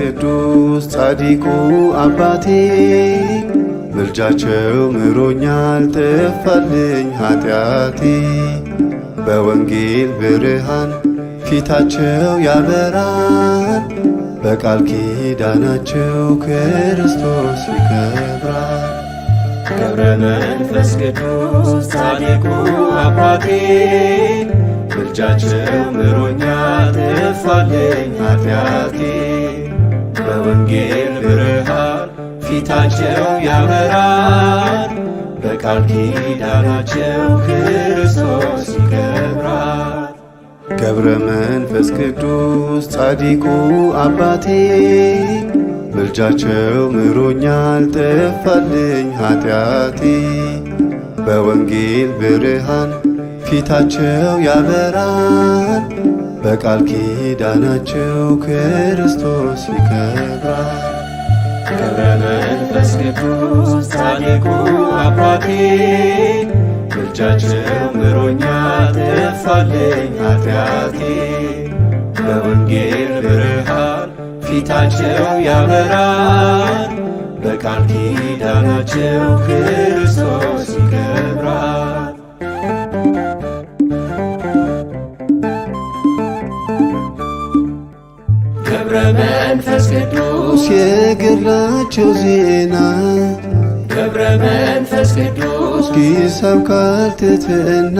ቅዱስ ጻዲቁ አባቴ ምልጃቸው ምሮኛል ጠፋልኝ ኃጢአቴ። በወንጌል ብርሃን ፊታቸው ያበራል፣ በቃል ኪዳናቸው ክርስቶስ ይከብራል። ገብረ መንፈስ ቅዱስ ጻዲቁ አባቴ ምልጃቸው ምሮኛል ጠፋልኝ ኃጢአቴ በወንጌል ብርሃን ፊታቸው ያበራል። በቃል ኪዳናቸው ክርስቶስ ይከብራል። ገብረ መንፈስ ቅዱስ ጻዲቁ አባቴ ምልጃቸው ምሮኛል ጠፋልኝ ኃጢአቴ። በወንጌል ብርሃን ፊታቸው ያበራል በቃል ኪዳናቸው ክርስቶስ ይከብራል። ገብረ መንፈስ ቅዱስ ጻድቁ አባቴ እጃቸው ምሮኛ ትፋለኝ ኃጢአቴ በወንጌል ብርሃን ፊታቸው ያበራል በቃል ኪዳናቸው ክርስቶስ መንፈስ ቅዱስ የግርላቸው ዜና ገብረ መንፈስ ቅዱስ ይሰብካል ትሕትና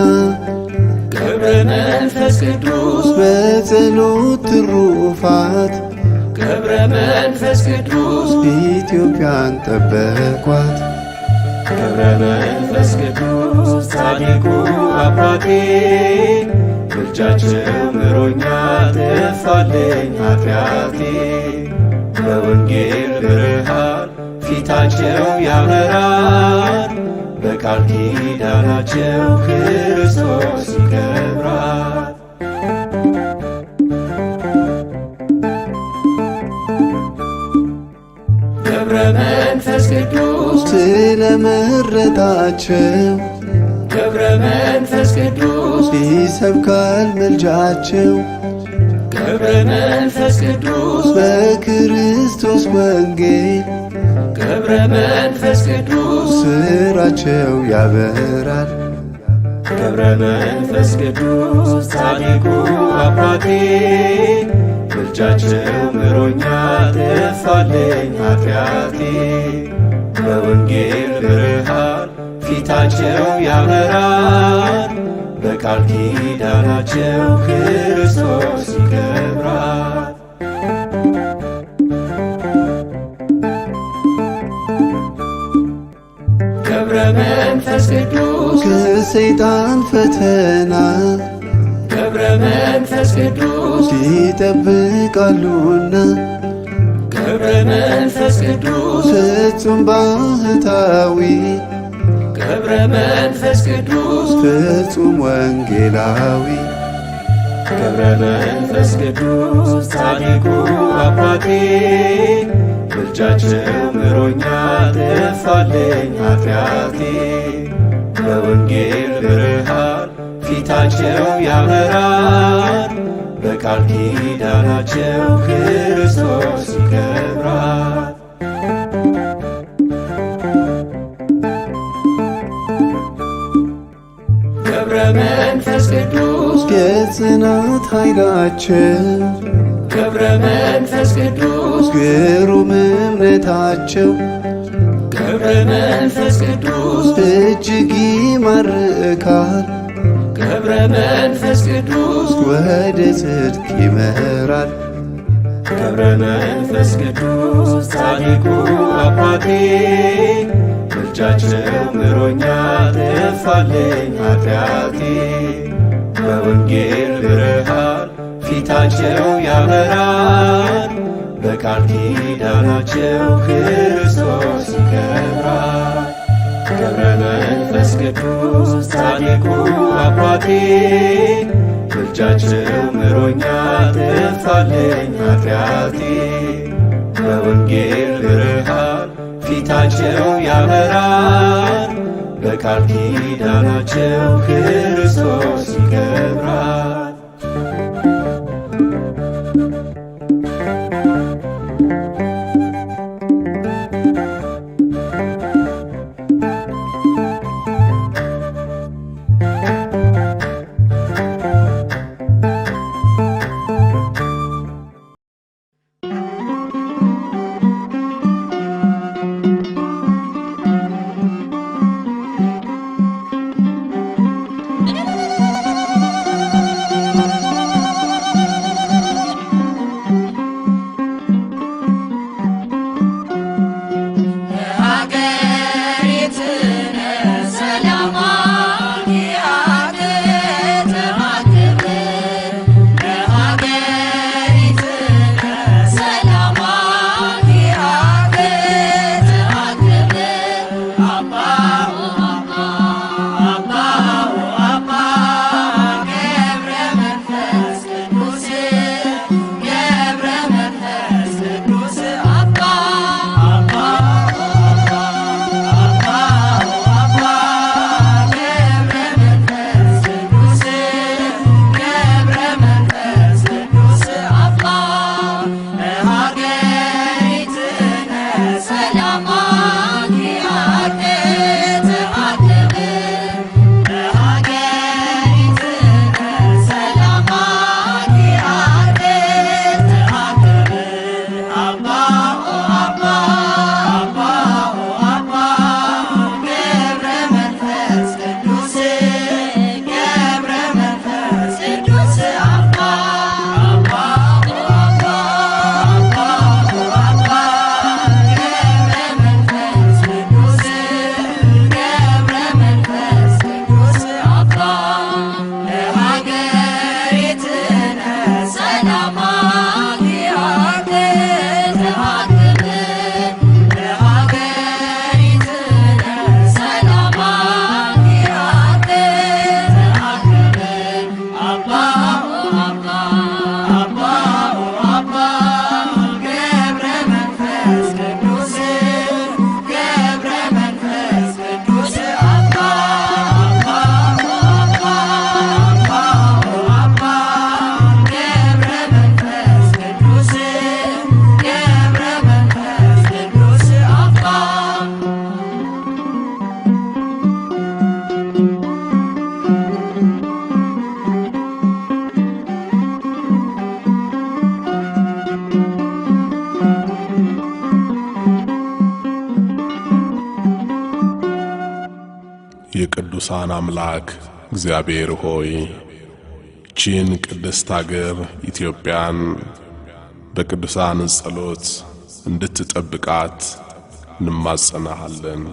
ገብረ መንፈስ ቅዱስ በጸሎት ትሩፋት ገብረ መንፈስ ቅዱስ ኢትዮጵያን ጠበቋት ገብረ መንፈስ ቅዱስ ጻድቁ አባቴ Curgea cerul mironea de fale natreati, Că în ghel de răhar, fita cerul i-a lărat, Pe calchidea la ceu Hristos încăbrat. Vremen fescătus, Ține mărătaceu, ገብረ መንፈስ ቅዱስ ይሰብካል ምልጃቸው ገብረ መንፈስ ቅዱስ በክርስቶስ ወንጌል ገብረ መንፈስ ቅዱስ ስራቸው ያበራል ገብረ መንፈስ ቅዱስ ጻድቁ አባቴ ምልጃቸው ምሮኛ ተፋለኝ ኃጢአቴ በወንጌል ብርሃን ፊታቸው ያበራል፣ በቃል ኪዳናቸው ክርስቶስ ይከብራል። ገብረ መንፈስ ቅዱስ ከሰይጣን ፈተና ገብረ መንፈስ ቅዱስ ይጠብቃሉና ገብረ መንፈስ ቅዱስ ፍጹም ባህታዊ ገብረ መንፈስ ቅዱስ ፍጹም ወንጌላዊ ገብረ መንፈስ ቅዱስ ጻድቁ አባቴ ምልጃቸው ምሮኛ ትፋልኝ ኃጢአቴ በወንጌል ብርሃን ፊታቸው ያበራል በቃል ኪዳናቸው ክር ኃይላችን ገብረ መንፈስ ቅዱስ ግሩም እምነታቸው ክብረ መንፈስ ቅዱስ እጅግ ይማርካል ክብረ መንፈስ ቅዱስ ወደ ጽድቅ ይመራል ክብረ መንፈስ ቅዱስ ጻድቁ አባቴ ምልጃቸው ምሮኛ ትፋለኝ ኃጢአቴ በወንጌል ብርሃን ፊታቸው ያበራል። በቃል ኪዳናቸው ክርስቶስ ይከብራል። ገብረ መንፈስ ቅዱስ ጻድቁ አባቴ እጃቸው ምሮኛ ጥፋለኝ ኃጢአቴ በወንጌል ብርሃን ፊታቸው ያበራል። ቃል ኪዳናቸው ክርስቶስ ይከብራል። የቅዱሳን አምላክ እግዚአብሔር ሆይ ቺን ቅድስት አገር ኢትዮጵያን በቅዱሳን ጸሎት እንድትጠብቃት እንማጸናሃለን።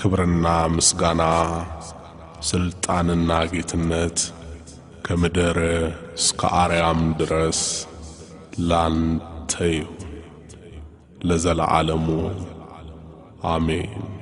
ክብርና ምስጋና፣ ስልጣንና ጌትነት ከምድር እስከ አርያም ድረስ ላንተ ይሁን ለዘለዓለሙ አሜን።